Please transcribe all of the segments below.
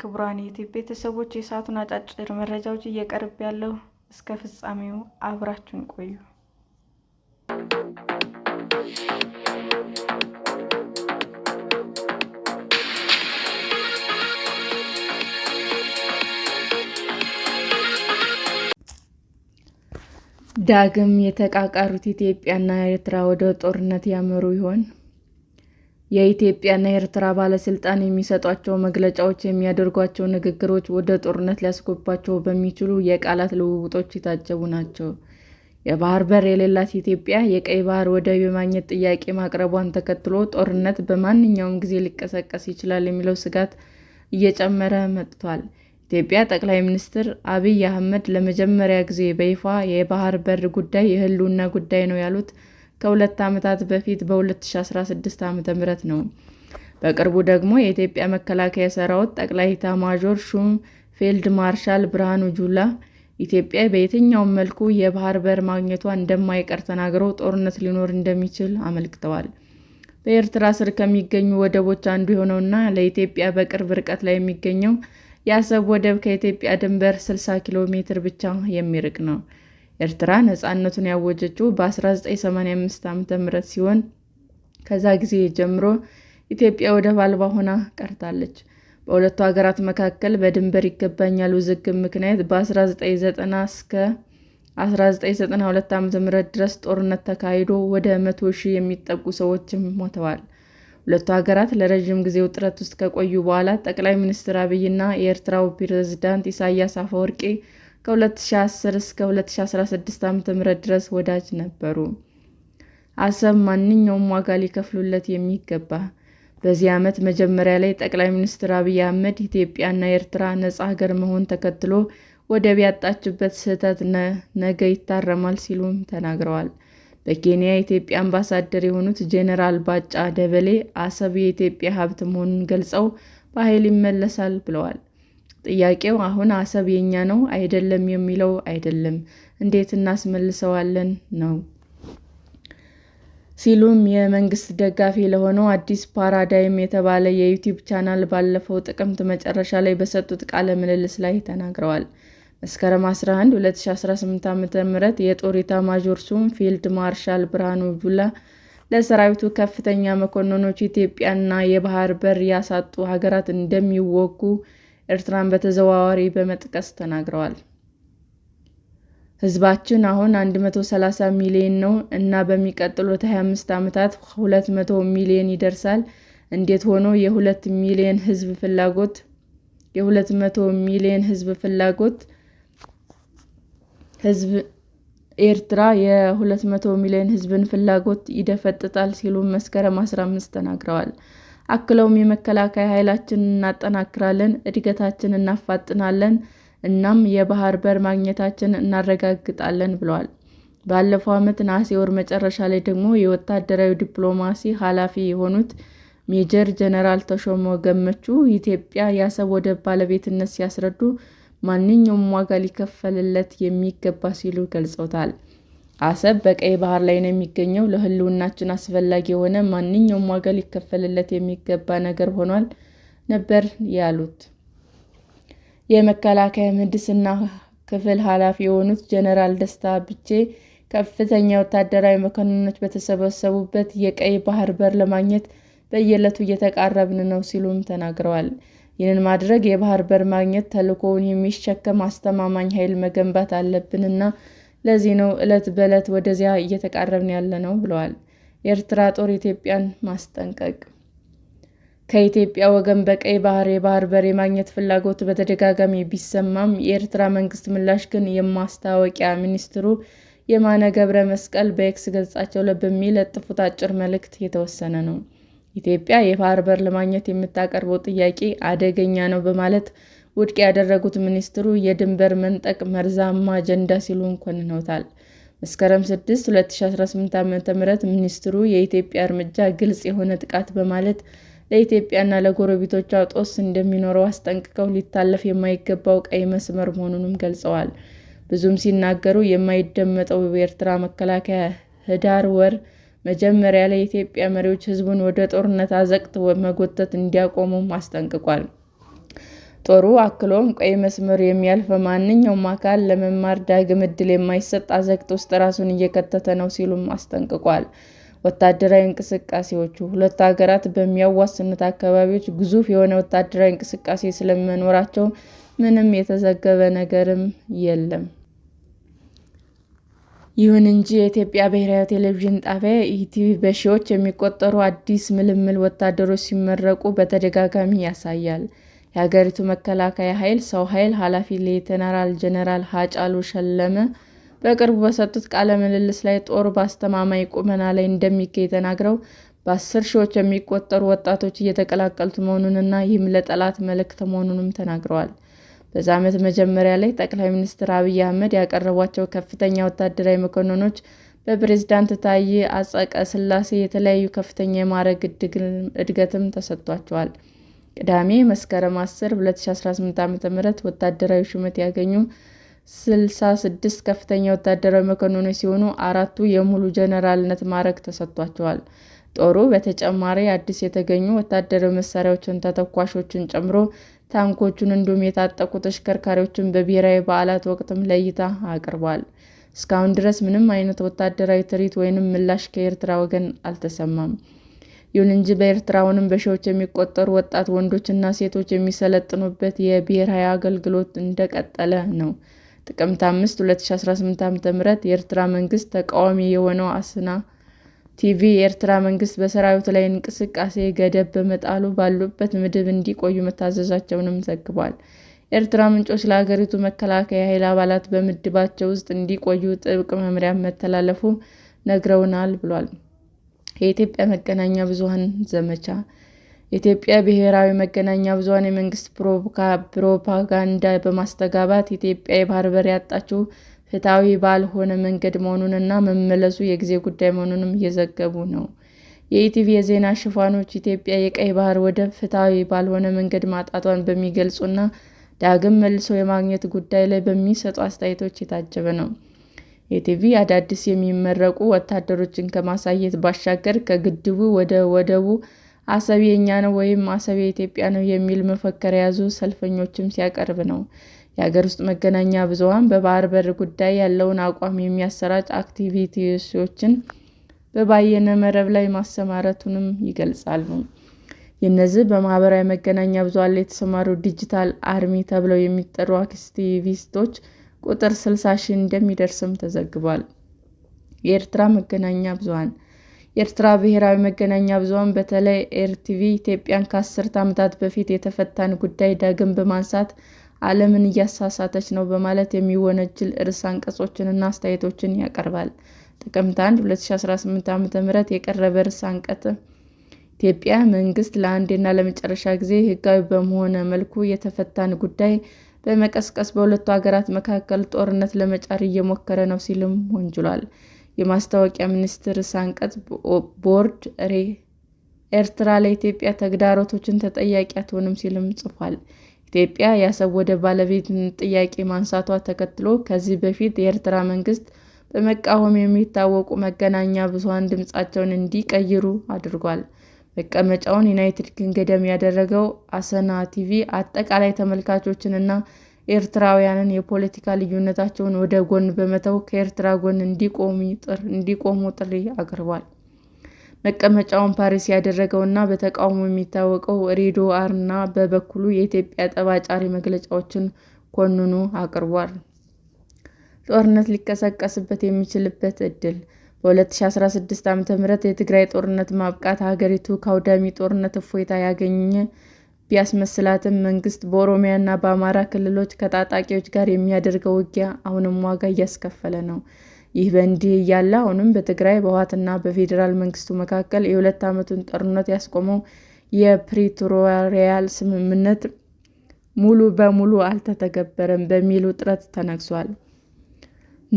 ክቡራን ዩቲዩብ ቤተሰቦች የሰዓቱን አጫጭር መረጃዎች እየቀርብ ያለው እስከ ፍጻሜው አብራችሁን ቆዩ። ዳግም የተቃቃሩት ኢትዮጵያና ኤርትራ ወደ ጦርነት ያመሩ ይሆን? የኢትዮጵያና ኤርትራ ባለስልጣን የሚሰጧቸው መግለጫዎች፣ የሚያደርጓቸው ንግግሮች ወደ ጦርነት ሊያስጎባቸው በሚችሉ የቃላት ልውውጦች የታጀቡ ናቸው። የባህር በር የሌላት ኢትዮጵያ የቀይ ባህር ወደብ የማግኘት ጥያቄ ማቅረቧን ተከትሎ ጦርነት በማንኛውም ጊዜ ሊቀሰቀስ ይችላል የሚለው ስጋት እየጨመረ መጥቷል። ኢትዮጵያ ጠቅላይ ሚኒስትር አብይ አህመድ ለመጀመሪያ ጊዜ በይፋ የባህር በር ጉዳይ የህልውና ጉዳይ ነው ያሉት ከሁለት ዓመታት በፊት በ2016 ዓ.ም ነው። በቅርቡ ደግሞ የኢትዮጵያ መከላከያ ሰራዊት ጠቅላይ ኤታማዦር ሹም ፊልድ ማርሻል ብርሃኑ ጁላ ኢትዮጵያ በየትኛውም መልኩ የባህር በር ማግኘቷ እንደማይቀር ተናግረው ጦርነት ሊኖር እንደሚችል አመልክተዋል። በኤርትራ ስር ከሚገኙ ወደቦች አንዱ የሆነውና ለኢትዮጵያ በቅርብ ርቀት ላይ የሚገኘው የአሰብ ወደብ ከኢትዮጵያ ድንበር 60 ኪሎ ሜትር ብቻ የሚርቅ ነው። ኤርትራ ነፃነቱን ያወጀችው በ1985 ዓ.ም ሲሆን ከዛ ጊዜ ጀምሮ ኢትዮጵያ ወደብ አልባ ሆና ቀርታለች። በሁለቱ ሀገራት መካከል በድንበር ይገባኛል ውዝግብ ምክንያት በ1990 እስከ 1992 ዓ.ም ድረስ ጦርነት ተካሂዶ ወደ መቶ ሺህ የሚጠጉ ሰዎችም ሞተዋል። ሁለቱ ሀገራት ለረዥም ጊዜ ውጥረት ውስጥ ከቆዩ በኋላ ጠቅላይ ሚኒስትር አብይና የኤርትራው ፕሬዝዳንት ኢሳያስ አፈወርቂ ከ2010 እስከ 2016 ዓ.ም ድረስ ወዳጅ ነበሩ። አሰብ ማንኛውም ዋጋ ሊከፍሉለት የሚገባ። በዚህ ዓመት መጀመሪያ ላይ ጠቅላይ ሚኒስትር አብይ አህመድ ኢትዮጵያና ኤርትራ ነጻ ሀገር መሆን ተከትሎ ወደብ ያጣችበት ስህተት ነገ ይታረማል ሲሉም ተናግረዋል። በኬንያ የኢትዮጵያ አምባሳደር የሆኑት ጄኔራል ባጫ ደበሌ አሰብ የኢትዮጵያ ሀብት መሆኑን ገልጸው በኃይል ይመለሳል ብለዋል። ጥያቄው አሁን አሰብ የእኛ ነው አይደለም የሚለው አይደለም፣ እንዴት እናስመልሰዋለን ነው ሲሉም የመንግስት ደጋፊ ለሆነው አዲስ ፓራዳይም የተባለ የዩቲዩብ ቻናል ባለፈው ጥቅምት መጨረሻ ላይ በሰጡት ቃለ ምልልስ ላይ ተናግረዋል። መስከረም 11 2018 ዓ.ም የጦር ኢታማዦር ሹም ፊልድ ማርሻል ብርሃኑ ጁላ ለሰራዊቱ ከፍተኛ መኮንኖች ኢትዮጵያና የባህር በር ያሳጡ ሀገራት እንደሚወጉ ኤርትራን በተዘዋዋሪ በመጥቀስ ተናግረዋል። ሕዝባችን አሁን 130 ሚሊዮን ነው እና በሚቀጥሉት 25 ዓመታት 200 ሚሊዮን ይደርሳል። እንዴት ሆኖ የ2 ሚሊዮን ሕዝብ ፍላጎት የ200 ሚሊዮን ሕዝብ ፍላጎት ህዝብ ኤርትራ የ200 ሚሊዮን ህዝብን ፍላጎት ይደፈጥጣል ሲሉ መስከረም 15 ተናግረዋል። አክለውም የመከላከያ ኃይላችንን እናጠናክራለን፣ እድገታችን እናፋጥናለን፣ እናም የባህር በር ማግኘታችን እናረጋግጣለን ብለዋል። ባለፈው ዓመት ነሐሴ ወር መጨረሻ ላይ ደግሞ የወታደራዊ ዲፕሎማሲ ኃላፊ የሆኑት ሜጀር ጀነራል ተሾመ ገመቹ ኢትዮጵያ የአሰብ ወደብ ባለቤትነት ሲያስረዱ ማንኛውም ዋጋ ሊከፈልለት የሚገባ ሲሉ ገልጸውታል። አሰብ በቀይ ባህር ላይ ነው የሚገኘው። ለህልውናችን አስፈላጊ የሆነ ማንኛውም ዋጋ ሊከፈልለት የሚገባ ነገር ሆኗል ነበር ያሉት። የመከላከያ ምህንድስና ክፍል ኃላፊ የሆኑት ጀነራል ደስታ ብቼ ከፍተኛ ወታደራዊ መኮንኖች በተሰበሰቡበት የቀይ ባህር በር ለማግኘት በየዕለቱ እየተቃረብን ነው ሲሉም ተናግረዋል። ይህንን ማድረግ የባህር በር ማግኘት ተልዕኮውን የሚሸከም አስተማማኝ ኃይል መገንባት አለብንና ለዚህ ነው ዕለት በዕለት ወደዚያ እየተቃረብን ያለነው ብለዋል። የኤርትራ ጦር ኢትዮጵያን ማስጠንቀቅ። ከኢትዮጵያ ወገን በቀይ ባህር የባህር በር የማግኘት ፍላጎት በተደጋጋሚ ቢሰማም የኤርትራ መንግስት ምላሽ ግን የማስታወቂያ ሚኒስትሩ የማነ ገብረ መስቀል በኤክስ ገጻቸው ላይ በሚለጥፉት አጭር መልእክት የተወሰነ ነው። ኢትዮጵያ የባሕር በር ለማግኘት የምታቀርበው ጥያቄ አደገኛ ነው በማለት ውድቅ ያደረጉት ሚኒስትሩ የድንበር መንጠቅ መርዛማ አጀንዳ ሲሉ ኮንነውታል። መስከረም 6 2018 ዓ.ም ሚኒስትሩ የኢትዮጵያ እርምጃ ግልጽ የሆነ ጥቃት በማለት ለኢትዮጵያና ለጎረቤቶቿ ጦስ እንደሚኖረው አስጠንቅቀው ሊታለፍ የማይገባው ቀይ መስመር መሆኑንም ገልጸዋል። ብዙም ሲናገሩ የማይደመጠው የኤርትራ መከላከያ ህዳር ወር መጀመሪያ ላይ የኢትዮጵያ መሪዎች ህዝቡን ወደ ጦርነት አዘቅት መጎተት እንዲያቆሙም አስጠንቅቋል። ጦሩ አክሎም ቀይ መስመር የሚያልፍ ማንኛውም አካል ለመማር ዳግም እድል የማይሰጥ አዘቅት ውስጥ ራሱን እየከተተ ነው ሲሉም አስጠንቅቋል። ወታደራዊ እንቅስቃሴዎቹ ሁለቱ ሀገራት በሚያዋስኑት አካባቢዎች ግዙፍ የሆነ ወታደራዊ እንቅስቃሴ ስለመኖራቸው ምንም የተዘገበ ነገርም የለም። ይሁን እንጂ የኢትዮጵያ ብሔራዊ ቴሌቪዥን ጣቢያ ኢቲቪ በሺዎች የሚቆጠሩ አዲስ ምልምል ወታደሮች ሲመረቁ በተደጋጋሚ ያሳያል። የሀገሪቱ መከላከያ ኃይል ሰው ኃይል ኃላፊ ሌተናል ጀነራል ሀጫሉ ሸለመ በቅርቡ በሰጡት ቃለ ምልልስ ላይ ጦሩ በአስተማማኝ ቁመና ላይ እንደሚገኝ ተናግረው በአስር ሺዎች የሚቆጠሩ ወጣቶች እየተቀላቀሉት መሆኑንና ይህም ለጠላት መልእክት መሆኑንም ተናግረዋል። በዚህ ዓመት መጀመሪያ ላይ ጠቅላይ ሚኒስትር አብይ አህመድ ያቀረቧቸው ከፍተኛ ወታደራዊ መኮንኖች በፕሬዝዳንት ታዬ ስላሴ የተለያዩ ከፍተኛ የማዕረግ እድገትም ተሰጥቷቸዋል። ቅዳሜ መስከረም 10 2018 ዓ.ም ወታደራዊ ሹመት ያገኙ 66 ከፍተኛ ወታደራዊ መኮንኖች ሲሆኑ አራቱ የሙሉ ጀነራልነት ማዕረግ ተሰጥቷቸዋል። ጦሩ በተጨማሪ አዲስ የተገኙ ወታደራዊ መሳሪያዎችን፣ ተተኳሾችን ጨምሮ ታንኮቹን እንዲሁም የታጠቁ ተሽከርካሪዎችን በብሔራዊ በዓላት ወቅትም ለእይታ አቅርቧል። እስካሁን ድረስ ምንም አይነት ወታደራዊ ትርኢት ወይም ምላሽ ከኤርትራ ወገን አልተሰማም። ይሁን እንጂ በኤርትራውንም በሺዎች የሚቆጠሩ ወጣት ወንዶችና ሴቶች የሚሰለጥኑበት የብሔራዊ አገልግሎት እንደቀጠለ ነው። ጥቅምት 5 2018 ዓ.ም የኤርትራ መንግስት ተቃዋሚ የሆነው አስና ቲቪ የኤርትራ መንግስት በሰራዊቱ ላይ እንቅስቃሴ ገደብ በመጣሉ ባሉበት ምድብ እንዲቆዩ መታዘዛቸውንም ዘግቧል። ኤርትራ ምንጮች ለሀገሪቱ መከላከያ ኃይል አባላት በምድባቸው ውስጥ እንዲቆዩ ጥብቅ መምሪያ መተላለፉ ነግረውናል ብሏል። የኢትዮጵያ መገናኛ ብዙኃን ዘመቻ የኢትዮጵያ ብሔራዊ መገናኛ ብዙሃን የመንግስት ፕሮፓጋንዳ በማስተጋባት ኢትዮጵያ የባህር በር ያጣችው ፍትሐዊ ባልሆነ መንገድ መሆኑንና መመለሱ የጊዜ ጉዳይ መሆኑንም እየዘገቡ ነው። የኢቲቪ የዜና ሽፋኖች ኢትዮጵያ የቀይ ባህር ወደብ ፍትሐዊ ባልሆነ መንገድ ማጣቷን በሚገልጹና ዳግም መልሶ የማግኘት ጉዳይ ላይ በሚሰጡ አስተያየቶች የታጀበ ነው። ኢቲቪ አዳዲስ የሚመረቁ ወታደሮችን ከማሳየት ባሻገር ከግድቡ ወደ ወደቡ አሰብ የእኛ ነው ወይም አሰብ የኢትዮጵያ ነው የሚል መፈክር የያዙ ሰልፈኞችም ሲያቀርብ ነው። የሀገር ውስጥ መገናኛ ብዙኃን በባህር በር ጉዳይ ያለውን አቋም የሚያሰራጭ አክቲቪስቶችን በበይነ መረብ ላይ ማሰማረቱንም ይገልጻሉ። የነዚህ በማህበራዊ መገናኛ ብዙኃን ላይ የተሰማሩ ዲጂታል አርሚ ተብለው የሚጠሩ አክቲቪስቶች ቁጥር ስልሳ ሺህ እንደሚደርስም ተዘግቧል። የኤርትራ መገናኛ ብዙኃን የኤርትራ ብሔራዊ መገናኛ ብዙኃን በተለይ ኤርቲቪ ኢትዮጵያን ከአስርት ዓመታት በፊት የተፈታን ጉዳይ ዳግም በማንሳት ዓለምን እያሳሳተች ነው በማለት የሚወነጅል ርዕሰ አንቀጾችንና አስተያየቶችን ያቀርባል። ጥቅምት 1 2018 ዓ.ም የቀረበ ርዕሰ አንቀጽ ኢትዮጵያ መንግስት ለአንዴና ለመጨረሻ ጊዜ ሕጋዊ በሆነ መልኩ የተፈታን ጉዳይ በመቀስቀስ በሁለቱ ሀገራት መካከል ጦርነት ለመጫር እየሞከረ ነው ሲልም ወንጅሏል። የማስታወቂያ ሚኒስቴር ርዕሰ አንቀጽ ቦርድ ኤርትራ ለኢትዮጵያ ተግዳሮቶችን ተጠያቂ አትሆንም ሲልም ጽፏል። ኢትዮጵያ የአሰብ ወደብ ባለቤትነት ጥያቄ ማንሳቷ ተከትሎ ከዚህ በፊት የኤርትራ መንግስት በመቃወም የሚታወቁ መገናኛ ብዙሃን ድምጻቸውን እንዲቀይሩ አድርጓል። መቀመጫውን ዩናይትድ ኪንግደም ያደረገው አሰና ቲቪ አጠቃላይ ተመልካቾችንና ኤርትራውያንን የፖለቲካ ልዩነታቸውን ወደ ጎን በመተው ከኤርትራ ጎን እንዲቆሙ ጥሪ አቅርቧል። መቀመጫውን ፓሪስ ያደረገውና በተቃውሞ የሚታወቀው ሬዲዮ አርና በበኩሉ የኢትዮጵያ ጠባጫሪ መግለጫዎችን ኮንኑ አቅርቧል። ጦርነት ሊቀሰቀስበት የሚችልበት ዕድል በ2016 ዓ.ም የትግራይ ጦርነት ማብቃት ሀገሪቱ ከአውዳሚ ጦርነት እፎይታ ያገኘ ቢያስመስላትም መንግስት በኦሮሚያ ና በአማራ ክልሎች ከታጣቂዎች ጋር የሚያደርገው ውጊያ አሁንም ዋጋ እያስከፈለ ነው። ይህ በእንዲህ እያለ አሁንም በትግራይ በሕወሓትና በፌዴራል መንግስቱ መካከል የሁለት ዓመቱን ጦርነት ያስቆመው የፕሪቶሪያ ስምምነት ሙሉ በሙሉ አልተተገበረም በሚል ውጥረት ተነግሷል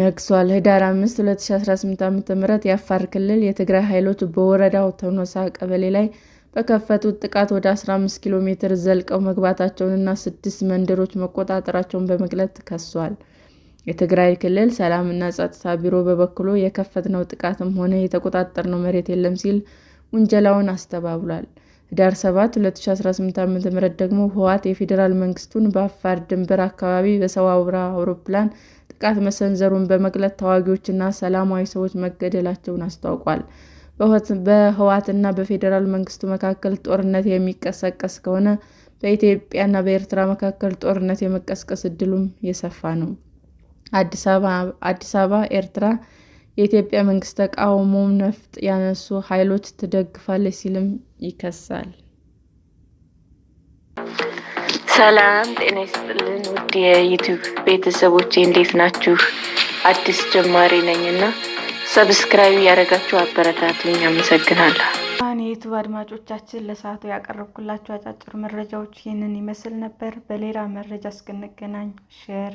ነግሷል። ኅዳር 5 2018 ዓ.ም የአፋር ክልል የትግራይ ኃይሎች በወረዳው ተኖሳ ቀበሌ ላይ በከፈቱት ጥቃት ወደ 15 ኪሎ ሜትር ዘልቀው መግባታቸውንና ስድስት መንደሮች መቆጣጠራቸውን በመግለጽ ከሷል። የትግራይ ክልል ሰላምና ጸጥታ ቢሮ በበኩሉ የከፈትነው ጥቃትም ሆነ የተቆጣጠርነው መሬት የለም ሲል ውንጀላውን አስተባብሏል። ህዳር 7 2018 ዓ.ም ደግሞ ህወሓት የፌዴራል መንግስቱን በአፋር ድንበር አካባቢ በሰው አልባ አውሮፕላን ጥቃት መሰንዘሩን በመግለጽ ተዋጊዎችና ሰላማዊ ሰዎች መገደላቸውን አስታውቋል። በህወሓትና በፌዴራል መንግስቱ መካከል ጦርነት የሚቀሰቀስ ከሆነ በኢትዮጵያና በኤርትራ መካከል ጦርነት የመቀስቀስ እድሉም የሰፋ ነው። አዲስ አበባ ኤርትራ የኢትዮጵያ መንግስት ተቃውሞ ነፍጥ ያነሱ ኃይሎች ትደግፋለች ሲልም ይከሳል። ሰላም ጤና ይስጥልን ውድ የዩቱብ ቤተሰቦች እንዴት ናችሁ? አዲስ ጀማሪ ነኝ እና ሰብስክራይብ ያደረጋችሁ አበረታቱኝ። አመሰግናለሁ። አሁን የዩቱብ አድማጮቻችን ለሰዓቱ ያቀረብኩላችሁ አጫጭር መረጃዎች ይህንን ይመስል ነበር። በሌላ መረጃ እስክንገናኝ ሼር